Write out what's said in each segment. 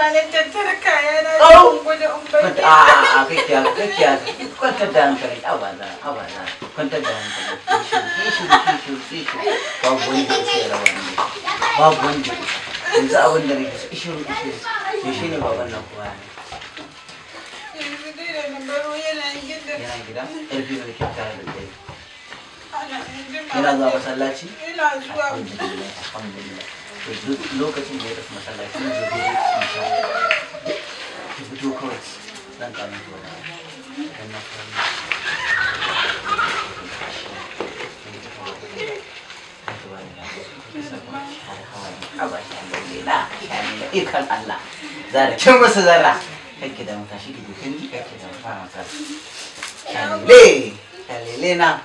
ba na tattara kaya na zan oh! gudu in bai gida. A'a kakiya kakiya kwantar da hankali abaza abaza kwantar da hankali. Kishu kishu kishu babu wanda ya ce rawa ne babu wanda yanzu abin da nake ishiru ishiru to shi ne baban nan kuwa ne. Yanzu dai da nambaro yana gida. Yana gida ƙarfi da nake tare da dai. Yana zuwa masallaci? Yana zuwa. Alhamdulillah lokacin da ya tafi masallacin da zai yi cuta ki fito kawai zan kama ki wani dan na fara ikan Allah za da cin masa zarra kake da mutashi ki jikin ki kake da fara masa le le na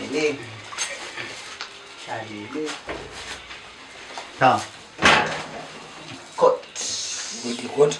le le Ja. Gut. Gut, gut.